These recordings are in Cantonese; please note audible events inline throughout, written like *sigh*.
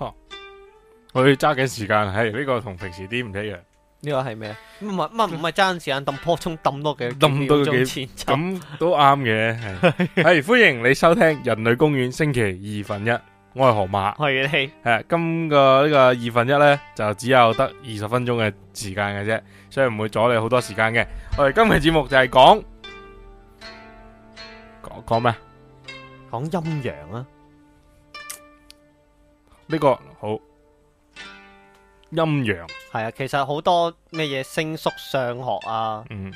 哦，我要揸緊時間，係呢個同平時啲唔一樣。呢個係咩？唔係唔係唔係揸緊時間，抌波冲抌多幾秒鐘錢，咁都啱嘅。係，歡迎你收聽《人類公園》星期二分一，我係河馬，係嘅。係今個呢個二分一咧，就只有得二十分鐘嘅時間嘅啫，所以唔會阻你好多時間嘅。我哋今日嘅節目就係講講講咩？講陰陽啊！呢、這個好陰陽係啊，其實好多咩嘢星宿、上學啊，嗯，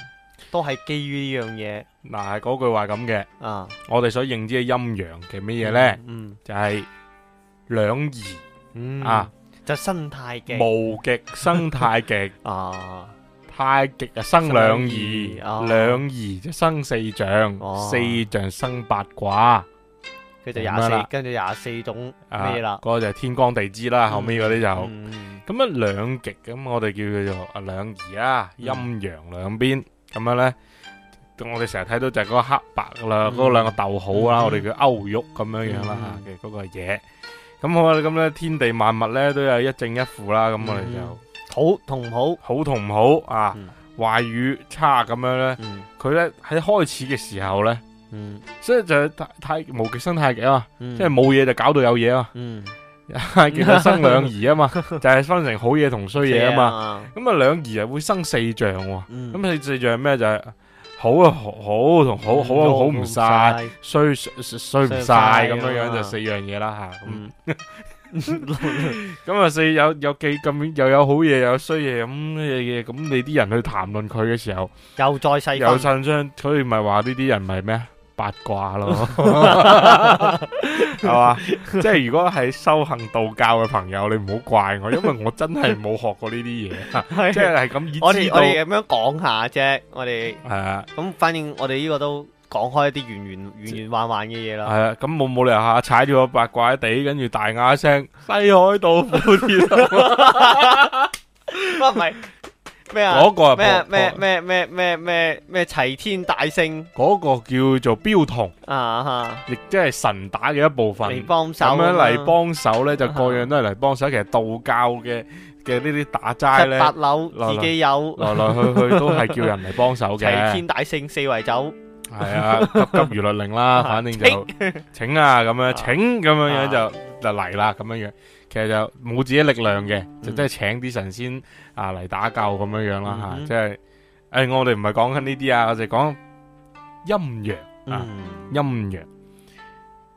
都係基於呢樣嘢。嗱、啊，係嗰句話咁嘅啊，我哋所認知陰陽嘅咩嘢咧？嗯，就係兩儀啊，就生太極無極生太極 *laughs* 啊，太極啊生兩儀，兩儀就生四象，啊、四象生八卦。佢就廿四，跟住廿四種咩啦？嗰個就天光地支啦，後尾嗰啲就咁啊兩極，咁我哋叫叫做啊兩儀啦，陰陽兩邊咁樣咧。我哋成日睇到就係嗰個黑白啦，嗰兩個逗號啦，我哋叫勾玉咁樣樣啦嘅嗰個嘢。咁好咁咧天地萬物咧都有一正一負啦，咁我哋就好同好，好同唔好啊，壞與差咁樣咧。佢咧喺開始嘅時候咧。嗯，所以就係太無極生太極啊，即係冇嘢就搞到有嘢啊，太極生兩儀啊嘛，就係分成好嘢同衰嘢啊嘛，咁啊兩儀啊會生四象，咁四四象係咩就係好啊好同好好啊好唔晒，衰衰衰唔晒咁樣樣就四樣嘢啦吓，咁啊四有有幾咁又有好嘢又有衰嘢咁嘅嘢，咁你啲人去談論佢嘅時候，又再細，又生張，所以咪話呢啲人唔係咩？八卦咯 *laughs* *laughs* 吧，係嘛？即係如果係修行道教嘅朋友，你唔好怪我，因為我真係冇學過呢啲嘢，即係係咁意。我哋我哋咁樣講下啫，我哋係啊。咁反正我哋呢個都講開一啲圓圓圓圓環環嘅嘢啦。係即啊，咁冇冇理由下踩住個八卦喺地，跟住大嗌一聲西海道夫。唔係。咩啊？咩咩咩咩咩咩咩齊天大聖？嗰個叫做標童啊，吓，亦即係神打嘅一部分。嚟幫手咁樣嚟幫手咧，就各樣都係嚟幫手。其實道教嘅嘅呢啲打齋咧，八樓自己有來來去去都係叫人嚟幫手嘅。齊天大聖四圍走，係啊，急急如律令啦，反正就請啊，咁樣請咁樣樣就就嚟啦，咁樣樣。其實就冇自己力量嘅，就真係請啲神仙啊嚟打救咁樣樣啦吓，即係，誒我哋唔係講緊呢啲啊，我哋講陰陽啊，陰陽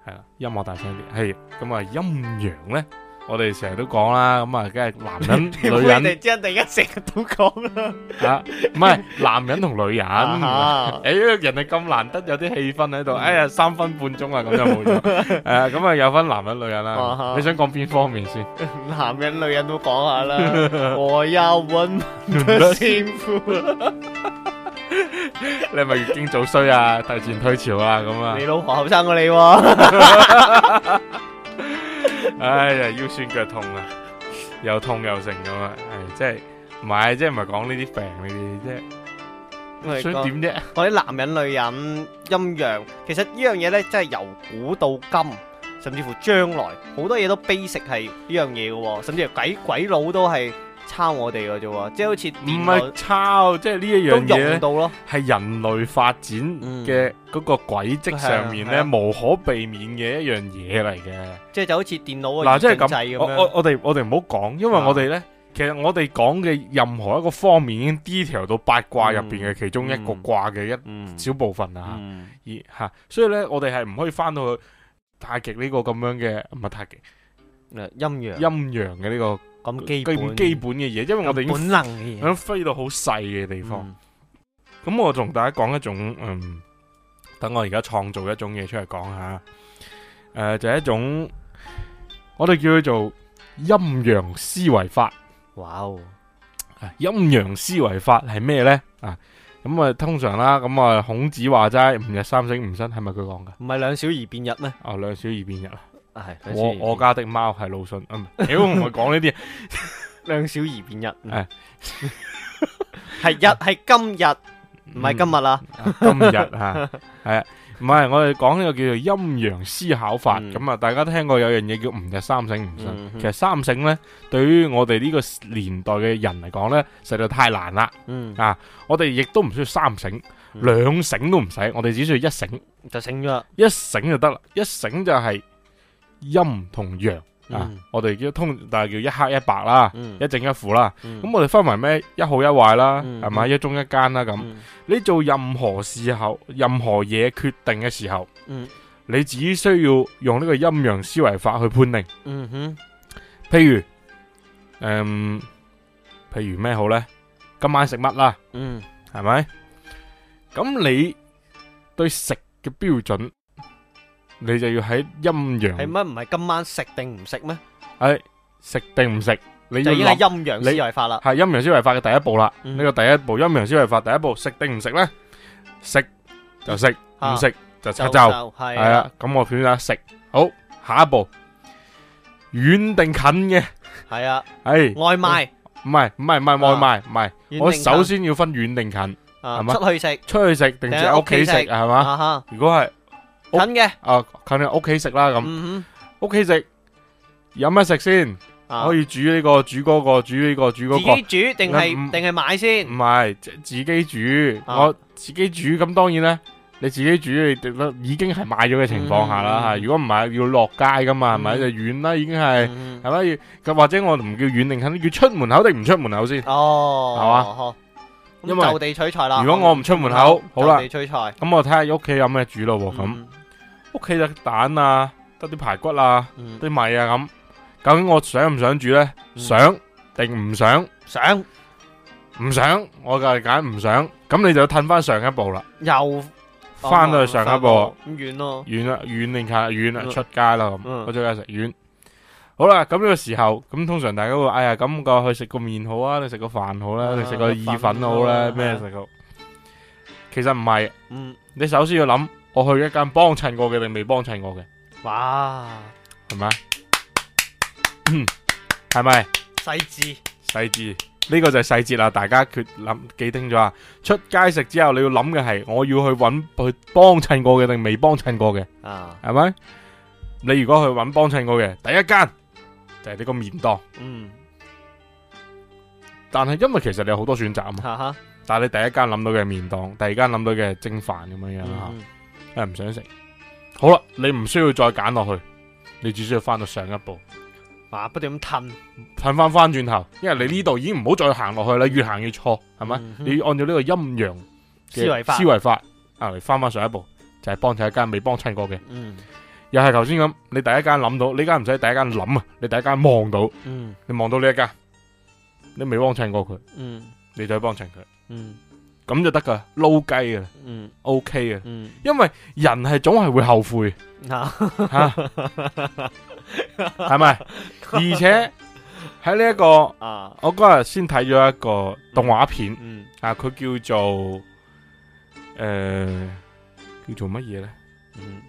係啦，音樂大聲啲，係咁啊陰陽咧。我哋成日都講啦，咁啊，梗係男人、你女人。你真係成日都講啦，吓唔係男人同女人。啊、哎人哋咁難得有啲氣氛喺度，嗯、哎呀，三分半鐘 *laughs* 啊，咁就冇咗。誒，咁啊，有分男人、女人啦。啊、你想講邊方面先？男人、女人都講下啦。我要溫的先夫。 *laughs* *laughs* 你係咪月經早衰啊？提前退潮啊？咁啊？你老婆後生過你、啊。 *laughs* *laughs* 哎呀，腰酸腳痛啊，又痛又成咁啊，係即係，唔係即係唔係講呢啲病呢啲即係點啫？我啲男人女人陰陽，其實這件事呢樣嘢咧，真係由古到今，甚至乎將來好多嘢都悲石係呢樣嘢嘅，甚至係鬼鬼佬都係。抄我哋嘅啫，即係好似唔係抄，即係呢一樣嘢咧，係人類發展嘅嗰個軌跡上面咧，嗯啊啊、無可避免嘅一,一樣嘢嚟嘅。即係、啊、就好似電腦嗱，即係咁，我我哋我哋唔好講，因為我哋咧，嗯、其實我哋講嘅任何一個方面已經 detail 到八卦入邊嘅其中一個卦嘅一小部分啦，而吓、嗯嗯嗯啊，所以咧我哋係唔可以翻到去太極呢個咁樣嘅，唔係太極，陰陽陰陽嘅呢個。咁基本基本嘅嘢，因為我哋本能嘅嘢，想飛到好細嘅地方。咁、嗯、我同大家講一種，嗯，等我而家創造一種嘢出嚟講下。誒、呃，就係、是、一種，我哋叫佢做陰陽思維法。哇 Wow，陰陽思維法係咩呢？啊，咁、嗯、啊，通常啦，咁啊，孔子話齋，吾日三省吾身，係咪佢講㗎？唔係兩小兒辯日咩？啊、哦，兩小兒辯日啊！係我我家的貓係魯迅，唔係，屌唔係講呢啲，兩小兒變一，係係一係今日唔係今日啦，今日吓係啊，唔係我哋講呢個叫做陰陽思考法，咁啊，大家都聽過有樣嘢叫唔日三省唔信，其實三省咧對於我哋呢個年代嘅人嚟講咧，實在太難啦，嗯啊，我哋亦都唔需要三省，兩省都唔使，我哋只需要一省就省咗，一省就得啦，一省就係。陰同陽啊，我哋叫通，但係叫一黑一白啦，嗯、一正一負啦。咁、嗯、我哋分為咩一好一壞啦，係咪、嗯嗯、一忠一奸啦？咁、嗯、你做任何事，候、任何嘢決定嘅時候，嗯、你只需要用呢個陰陽思維法去判定。嗯哼、嗯嗯，譬如誒，譬如咩好呢？今晚食乜啦？嗯，係咪？咁你對食嘅標準？你就要喺陰陽，係乜唔係今晚食定唔食咩？係，食定唔食，你就已經喺陰陽思維法啦。係陰陽思維法嘅第一步啦。呢個第一步陰陽思維法第一步食定唔食咧？食就食，唔食就就。係啊，咁我選擇食。好，下一步遠定近嘅？係啊，係，外賣唔係唔係唔係外賣，唔係我首先要分遠定近，係嘛？出去食，出去食定住喺屋企食係嘛？如果係。近嘅啊，近嘅，屋企食啦咁。屋企食，有咩食先？可以煮呢個，煮嗰個，煮呢個，煮嗰個。自己煮定係定係買先？唔係，自己煮，我自己煮。咁當然咧，你自己煮，你已經係買咗嘅情況下啦。如果唔係，要落街噶嘛，係咪就遠啦？已經係係咪？咁或者我唔叫遠，定近叫出門口定唔出門口先？哦，係嘛？因為就地取材啦。如果我唔出門口，好啦，就地取材。咁我睇下屋企有咩煮咯咁。屋企隻蛋啊，得啲排骨啊，啲米啊咁，究竟我想唔想煮咧？想定唔想？想唔想？我就係揀唔想，咁你就要褪翻上一步啦。又翻到去上一步，遠咯，遠啦，遠連卡遠啦，出街啦，我最近食遠。好啦，咁呢個時候，咁通常大家會，哎呀，咁我去食個麵好啊，你食個飯好咧，你食個意粉好咧，咩食好？其實唔係，你首先要諗。我去一間幫襯過嘅定未幫襯過嘅？哇，係咪嗎？係咪 *laughs* 是？細緻緻，細緻，呢、這個就係細節啦。大家決諗記清咗啊！出街食之後，你要諗嘅係我要去揾去幫襯過嘅定未幫襯過嘅啊？係咪？你如果去揾幫襯過嘅第一間就係、是、呢個麵檔，嗯。但係因為其實你有好多選擇啊嘛，哈哈，但係你第一間諗到嘅麵檔，第二間諗到嘅係蒸飯咁樣樣係唔、嗯、想食，好啦，你唔需要再揀落去，你只需要翻到上一步，啊，不斷咁褪，褪翻翻轉頭，因為你呢度已經唔好再行落去啦，嗯、越行越錯，係咪？嗯、哼你要按照呢個陰陽嘅思維法，思維法啊，嚟翻翻上一步，就係幫襯一間未幫襯過嘅，嗯，又係頭先咁，你第一間諗到，呢間唔使第一間諗啊，你第一間望到，嗯，你望到呢一間，你未幫襯過佢，嗯，你就要幫襯佢，嗯。嗯咁就得噶，撈雞啊，嗯，OK 啊，嗯，OK、了嗯，因為人係總係會後悔，係咪？而且喺呢一個，啊、我嗰日先睇咗一個動畫片，啊，佢叫做誒，叫做乜嘢咧？嗯，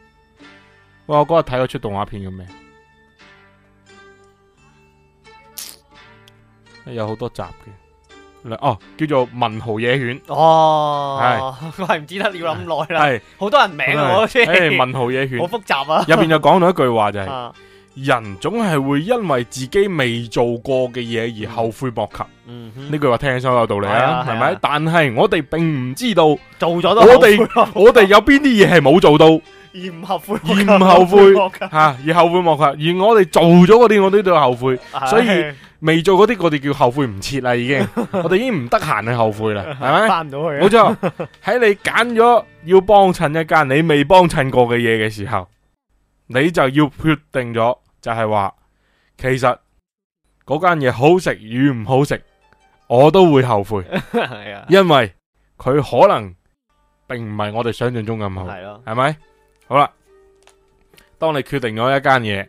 我嗰日睇咗出動畫片叫咩？有好多集嘅。哦，叫做文豪野犬哦，係我係唔記得了諗咁耐啦，係好多人名啊，先誒文豪野犬，好複雜啊，入邊又講到一句話就係，人總係會因為自己未做過嘅嘢而後悔莫及，嗯，呢句話聽起身好有道理啊，係咪？但係我哋並唔知道做咗，我哋我哋有邊啲嘢係冇做到而唔後悔，而唔後悔嘅吓，而後悔莫及，而我哋做咗嗰啲，我都有後悔，所以。未做嗰啲，我哋叫後悔唔切啦，已經，我哋已經唔得閒去後悔啦，係咪？ *laughs* 翻到佢？冇錯，喺你揀咗要幫襯一間你未幫襯過嘅嘢嘅時候，你就要決定咗，就係話，其實嗰間嘢好食與唔好食，我都會後悔，係啊， *laughs* 因為佢可能並唔係我哋想象中咁好，係係咪？好啦，當你決定咗一間嘢。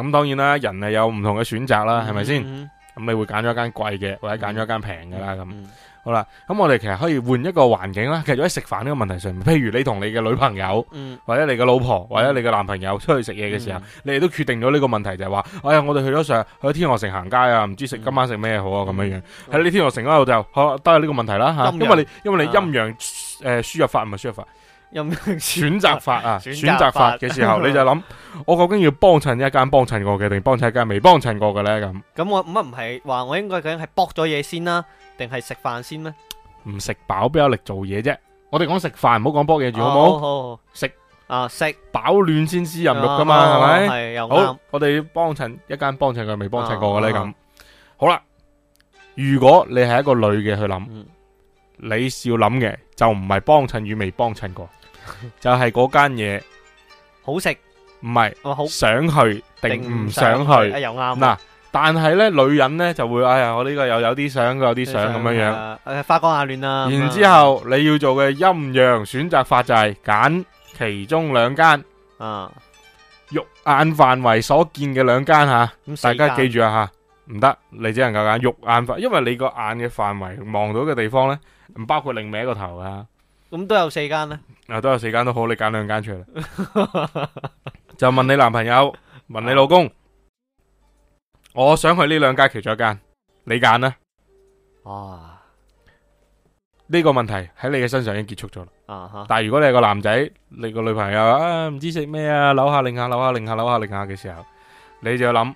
咁當然啦，人係有唔同嘅選擇啦，係咪先？咁你會揀咗間貴嘅，或者揀咗一間平嘅啦。咁、嗯、哼好啦，咁我哋其實可以換一個環境啦，其實喺食飯呢個問題上面，譬如你同你嘅女朋友，嗯、或者你嘅老婆，或者你嘅男朋友出去食嘢嘅時候，嗯、哼你哋都決定咗呢個問題就係、是、話，哎呀，我哋去咗上去天鵝城行街啊，唔知食今晚食咩好啊？咁樣樣喺、嗯、哼你天鵝城嗰度就好都係呢個問題啦咁，陽、啊、因為你因為你陰陽誒輸入法唔係輸入法。選擇法啊，選擇法嘅時候，你就諗，我究竟要幫襯一間幫襯過嘅，定幫襯一間未幫襯過嘅咧？咁咁我乜唔係話我應該究竟係剝咗嘢先啦，定係食飯先呢？唔食飽邊有力做嘢啫？我哋講食飯，唔好講剝嘢住好唔好？食啊，食飽暖先思淫欲噶嘛，係咪？係又啱。好，我哋要幫襯一間幫襯過，未幫襯過嘅咧咁。好啦，如果你係一個女嘅去諗，你要諗嘅就唔係幫襯與未幫襯過。就係嗰間嘢好食，唔係我好想去定唔想去啊？又啱嗱，但係咧女人咧就會哎呀，我呢個又有啲想，有啲想咁樣樣誒，花光下亂啦。然之後你要做嘅陰陽選擇法就係揀其中兩間啊，肉眼範圍所見嘅兩間吓，大家記住啊吓，唔得，你只能夠揀肉眼法，因為你個眼嘅範圍望到嘅地方咧，唔包括另外一個頭啊。咁都有四間啦，啊都有四間都好，你揀兩間出嚟，就問你男朋友，問你老公，我想去呢兩間其中一間，你揀啦。啊，呢個問題喺你嘅身上已經結束咗啦。啊哈！但係如果你係個男仔，你個女朋友啊唔知食咩啊扭下擰下扭下擰下扭下擰下嘅時候，你就諗，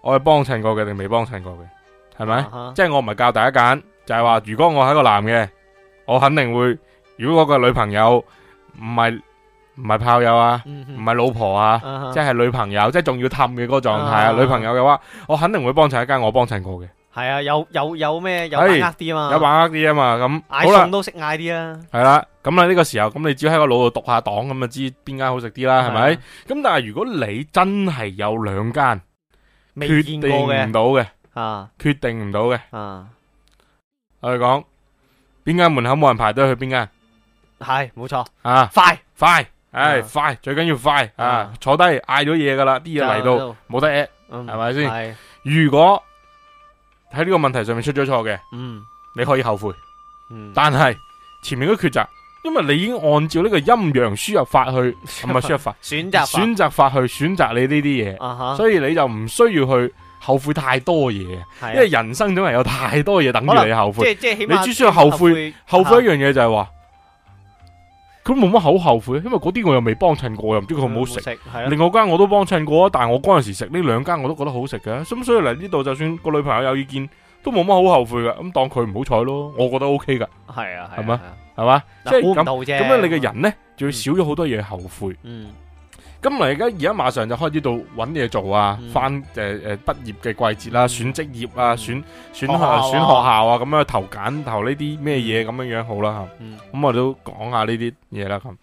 我係幫襯過嘅定未幫襯過嘅，係咪？即係我唔係教大家揀，就係話如果我係一個男嘅。我肯定會，如果我個女朋友唔係唔係炮友啊，唔係老婆啊，即係女朋友，即係仲要氹嘅嗰個狀態，係啊，女朋友嘅話，我肯定會幫襯一間我幫襯過嘅。係啊，有有有咩有把握啲啊嘛，有把握啲啊嘛，咁嗌餸都識嗌啲啊。係啦，咁啦呢個時候，咁你只要喺個腦度讀下檔，咁就知邊間好食啲啦，係咪？咁但係如果你真係有兩間，決定唔到嘅啊，決定唔到嘅啊，我哋講。邊間門口冇人排隊去邊間？係，冇錯啊！快快，唉，快最緊要快啊！坐低嗌咗嘢噶啦，啲嘢嚟到，冇得 at，係咪先？如果喺呢個問題上面出咗錯嘅，嗯，你可以後悔，但係前面嘅抉擇，因為你已經按照呢個陰陽輸入法去，唔係輸入法，選擇選擇法去選擇你呢啲嘢，所以你就唔需要去。後悔太多嘢，啊、因為人生總係有太多嘢等住你後悔。你只需要後悔後悔，啊、後悔一樣嘢就係話，佢冇乜好後悔，因為嗰啲我又未幫襯過，又唔知佢好唔好食。嗯啊、另外間我都幫襯過啊，但係我嗰陣時食呢兩間我都覺得好食嘅，咁所以嚟呢度就算個女朋友有意見，都冇乜好後悔噶，咁當佢唔好彩咯，我覺得 OK 噶。係啊，係嘛、啊，係嘛嗎，即係咁咁樣，樣你嘅人呢，就會少咗好多嘢後悔。嗯。嗯咁嚟而家而家馬上就開始到揾嘢做啊，翻誒誒畢業嘅季節啦、啊，嗯、選職業啊，嗯、選選學、哦哦、選學校啊，咁樣去投簡投呢啲咩嘢咁樣樣好啦吓。咁、嗯、我哋都講下呢啲嘢啦咁。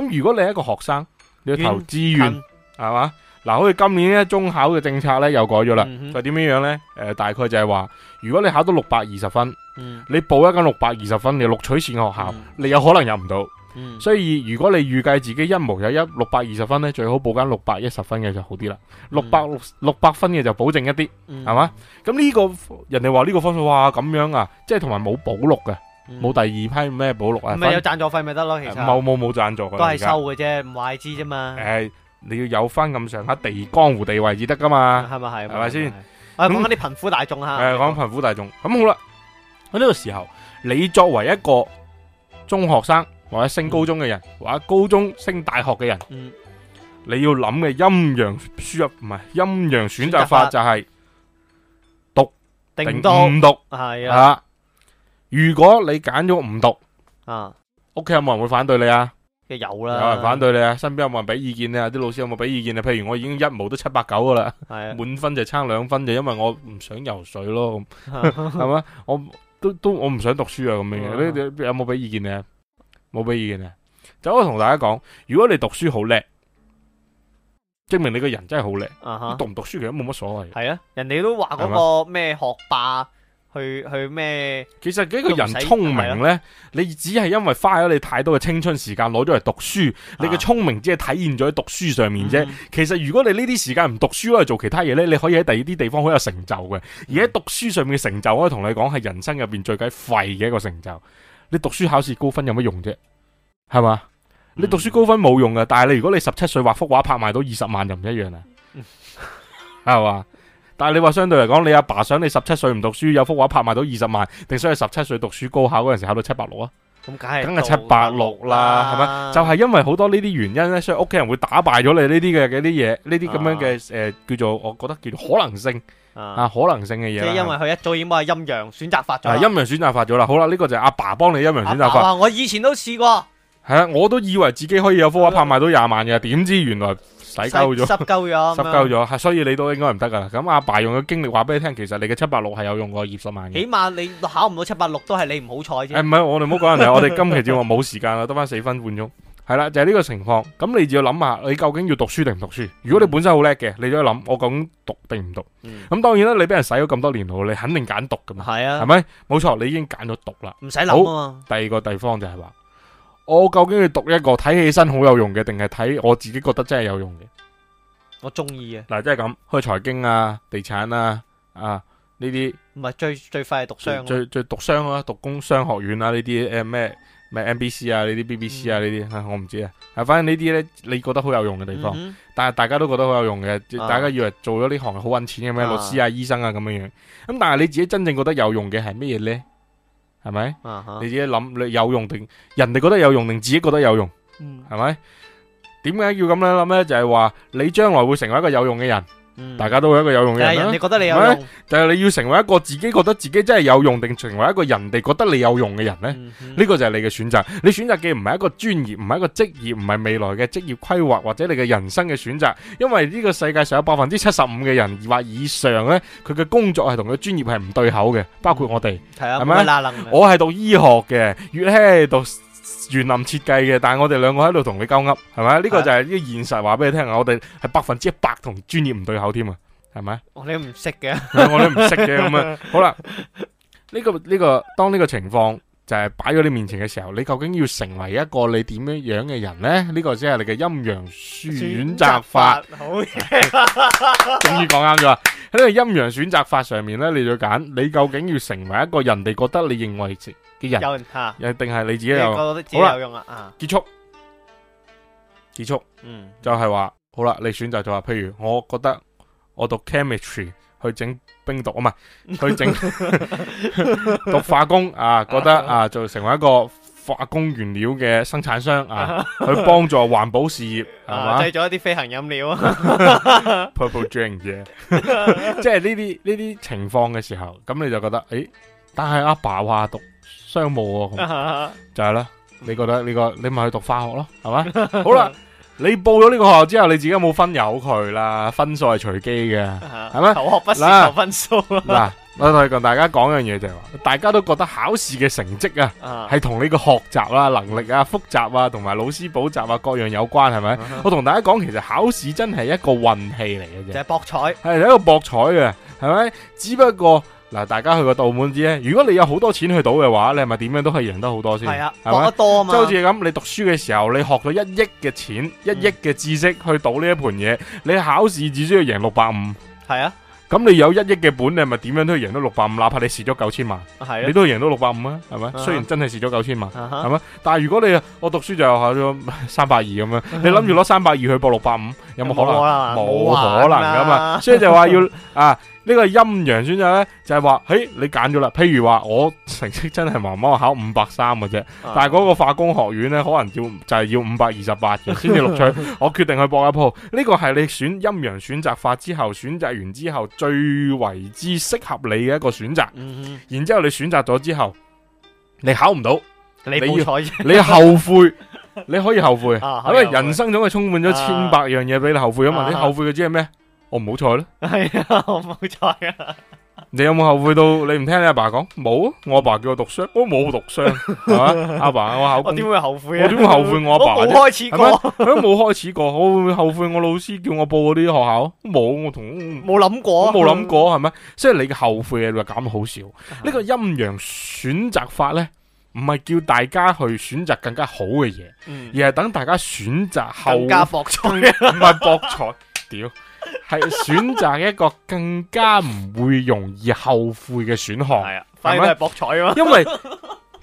咁如果你係一個學生，你要投資源係嘛？嗱近、啊，好似今年呢中考嘅政策咧又改咗啦，就點、嗯、哼樣樣咧？誒、呃，大概就係話，如果你考到六百二十分，你報一間六百二十分嘅錄取線學校，嗯、你有可能入唔到。嗯、所以如果你預計自己一模有一六百二十分咧，最好報間六百一十分嘅就好啲啦。六百六六百分嘅就保證一啲，係嘛、嗯？咁呢、這個人哋話呢個分數話咁樣啊，即係同埋冇補錄嘅，冇、嗯、第二批咩補錄啊？咪、嗯、有贊助費咪得咯？其實冇冇冇贊助，都係收嘅啫，唔壞知啫嘛。誒、呃，你要有翻咁上下地江湖地位至得噶嘛？係咪係？係咪先？誒，講啲貧苦大眾吓。講貧苦大眾。咁好啦，喺呢個時候，你作為一個中學生。或者升高中嘅人，或者高中升大學嘅人，嗯，你要諗嘅陰陽輸入唔係陰陽選擇法就係讀定唔讀係啊。如果你揀咗唔讀啊，屋企有冇人會反對你啊？有啦，有人反對你啊？身邊有冇人俾意見你啊？啲老師有冇俾意見啊？譬如我已經一模都七百九噶啦，滿分就差兩分，就因為我唔想游水咯，係嘛？我都都我唔想讀書啊，咁樣嘅，你有冇俾意見你啊？冇俾意見啊！就可以同大家講，如果你讀書好叻，證明你個人真係好叻。Uh huh. 你讀唔讀書其實冇乜所謂。係啊，人哋都話嗰個咩學霸去嗎去咩？其實幾個人聰明呢，你只係因為花咗你太多嘅青春時間攞咗嚟讀書，uh huh. 你嘅聰明只係體現咗喺讀書上面啫。Uh huh. 其實如果你呢啲時間唔讀書可以做其他嘢呢，你可以喺第二啲地方好有成就嘅。Uh huh. 而喺讀書上面嘅成就，我可以同你講，係人生入邊最鬼廢嘅一個成就。你讀書考試高分有乜用啫？係嘛？嗯、你讀書高分冇用㗎，但係你如果你十七歲畫幅畫拍賣到二十萬就唔一樣啦，係嘛、嗯？ *laughs* 但係你話相對嚟講，你阿爸，爸想你十七歲唔讀書，有幅畫拍賣到二十萬，定想你十七歲讀書高考嗰陣時考到七百六啊？咁梗係，梗係七百六啦，係咪？就係、是、因為好多呢啲原因咧，所以屋企人會打敗咗你呢啲嘅嘅啲嘢，呢啲咁樣嘅誒、啊呃、叫做，我覺得叫做可能性。啊，可能性嘅嘢，即係因為佢一早已經係陰陽選擇法咗，陰陽選擇法咗啦。好啦，呢、這個就係阿爸幫你陰陽選擇法。阿爸，我以前都試過，係啊，我都以為自己可以有幅畫拍賣到廿萬嘅，點對知原來使夠咗，濕夠咗，所以你都應該唔得噶啦。咁阿爸，爸用嘅經歷話俾你聽，其實你嘅七百六係有用過二十萬嘅。起碼你考唔到七百六，都係你唔好彩啫。誒，唔係我哋唔好講人哋，我哋 *laughs* 今期節目冇時間啦，得翻四分半鐘。係啦，就係、是、呢個情況，咁你就要諗下，你究竟要讀書定唔讀書？如果你本身好叻嘅，你都要諗，我究竟讀定唔讀？咁、嗯、當然啦，你俾人洗咗咁多年腦，你肯定揀讀噶嘛？係啊，係咪？冇錯，你已經揀咗讀啦，唔使諗啊，好，第二個地方就係話，我究竟要讀一個睇起身好有用嘅，定係睇我自己覺得真係有用嘅？我中意嘅嗱，即係咁，去財經啊、地產啊啊呢啲，唔係最最快係讀商、啊，最最讀商啊，讀工商學院啊，呢啲誒咩？咩 NBC 啊？呢啲 BBC 啊？呢啲、嗯、我唔知啊。啊，反正呢啲咧，你覺得好有用嘅地方，嗯、哼但係大家都覺得好有用嘅，啊、大家以為做咗呢行好揾錢嘅咩？啊、律師啊、醫生啊咁樣樣。咁但係你自己真正覺得有用嘅係乜嘢咧？係咪？啊、哈你自己諗，你有用定人哋覺得有用定自己覺得有用？嗯，係咪？點解要咁樣諗咧？就係、是、話你將來會成為一個有用嘅人。嗯、大家都會一個有用嘅人你、啊、覺得你有用，但係、就是、你要成為一個自己覺得自己真係有用，定成為一個人哋覺得你有用嘅人呢？呢、嗯、哼個就係你嘅選擇。你選擇嘅唔係一個專業，唔係一個職業，唔係未來嘅職業規劃，或者你嘅人生嘅選擇。因為呢個世界上有百分之七十五嘅人而或以上呢，佢嘅工作係同佢專業係唔對口嘅，包括我哋係咪？我係讀醫學嘅，月希讀。園林設計嘅，但係我哋兩個喺度同你交噏，係咪？呢個就係呢個現實，話俾你聽啊！我哋係百分之一百同專業唔對口添啊，係咪？我哋都唔識嘅，我哋唔識嘅咁樣！好啦，呢個呢個當呢個情況就係擺咗你面前嘅時候，你究竟要成為一個你點樣樣嘅人咧？呢個先係你嘅陰陽選擇法。好，終於講啱咗啊！喺呢個陰陽選擇法上面咧，你就揀，你究竟要成為一個人哋覺得你認為值？有人吓，定係你自己有好有用啊。結束結束，嗯，就係話好啦，你選擇就話，譬如我覺得我讀 chemistry 去整冰毒啊，唔係去整讀化工啊，覺得啊就成為一個化工原料嘅生產商啊，去幫助環保事業，製造一啲飛行飲料，purple 啊，drink 嘅，即係呢啲呢啲情況嘅時候，咁你就覺得誒，但係阿爸話讀。商務啊，就係啦。你覺得呢個你咪去讀化學咯，係嘛？好啦，你報咗呢個學校之後，你自己有冇分由佢啦？分數係隨機嘅，係咪？求學不是求分數。嗱，我同大家講一樣嘢就係話，大家都覺得考試嘅成績啊，係同你嘅學習啦、能力啊、複習啊，同埋老師補習啊各樣有關，係咪？我同大家講，其實考試真係一個運氣嚟嘅啫，就係博彩，係一個博彩嘅，係咪？只不過。嗱，大家去個澳門知咧，如果你有好多錢去賭嘅話，你係咪點樣都可以贏得好多先？係啊，係咪博得多嘛。即好似咁，你讀書嘅時候，你學咗一億嘅錢、一億嘅知識去賭呢一盤嘢，你考試只需要贏六百五。係啊，咁你有一億嘅本，你係咪點樣都要贏到六百五？哪怕你蝕咗九千萬，係啊、你都係贏到六百五啊哈？係咪？雖然真係蝕咗九千萬，係咪？但係如果你我讀書就考咗三百二咁樣，你諗住攞三百二去搏六百五，有冇可能？冇可能噶嘛。啊、所以就話要啊。呢個陰陽選擇呢，就係、是、話，嘿你揀咗啦。譬如話我成績真係麻麻，考五百三嘅啫。但係嗰個化工學院呢，可能要就係、是、要五百二十八嘅先至錄取。 *laughs* 我決定去搏一鋪。呢、這個係你選陰陽選擇法之後選擇完之後最為之適合你嘅一個選擇。嗯、哼然之後你選擇咗之後，你考唔到，你報錯、啊、你，要你後悔， *laughs* 你可以後悔。啊、後悔，因為人生總係充滿咗千百樣嘢俾你後悔啊嘛。問你後悔嘅知係咩？啊啊我唔好彩咧，係啊，我唔好彩啊！你有冇後悔到你唔聽你阿爸講？冇，我阿爸叫我讀商，我冇讀商係嘛？阿爸，我考我點會後悔啊？我點會後悔？我阿爸冇開始過，佢都冇開始過。我會唔會後悔我老師叫我報嗰啲學校冇，我同冇諗過，冇諗過係咪？即係你嘅後悔嘢話減好少。呢個陰陽選擇法咧，唔係叫大家去選擇更加好嘅嘢，而係等大家選擇後加博彩，唔係博彩屌。係選擇一個更加唔會容易後悔嘅選項，係啊，反正係博彩啊嘛。因為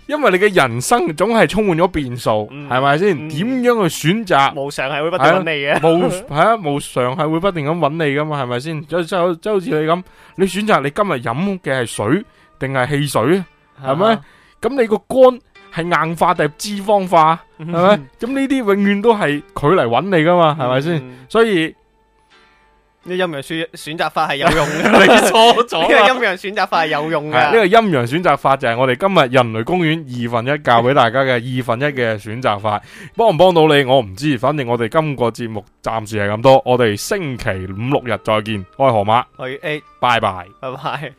因為你嘅人生總係充滿咗變數，係咪先？點樣去選擇？無常係會不停揾你嘅，無係啊，無常係會不停咁揾你噶嘛，係咪先？就就就好似你咁，你選擇你今日飲嘅係水定係汽水，係咪？咁你個肝係硬化定係脂肪化，係咪？咁呢啲永遠都係佢嚟揾你噶嘛，係咪先？所以。呢個陰陽選選擇法係有用嘅，你錯咗。呢個陰陽選擇法係有用嘅。呢個陰陽選擇法就係我哋今日人類公園二分一教俾大家嘅二分一嘅選擇法，幫唔幫到你，我唔知，反正我哋今個節目暫時係咁多，我哋星期五六日再見，愛河馬，可以誒，拜拜，拜拜。